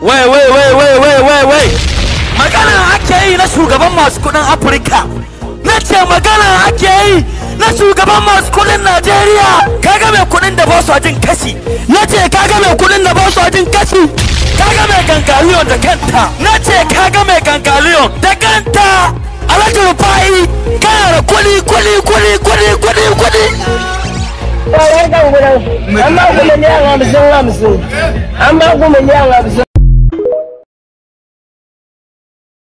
wai wai wai wai wai wai wai magana ake yi na shugaban masu kudin afirka na ce magana ake yi na shugaban masu kudin najeriya kaga mai kudin da basu ajin kashi na ce kaga mai kudin da basu ajin kashi kaga mai gangaliyon da kanta na ce kaga mai gangaliyon da kanta alhaji rufai kana da kuli kuli I'm I'm not not muzungamuzungu a nga muzungu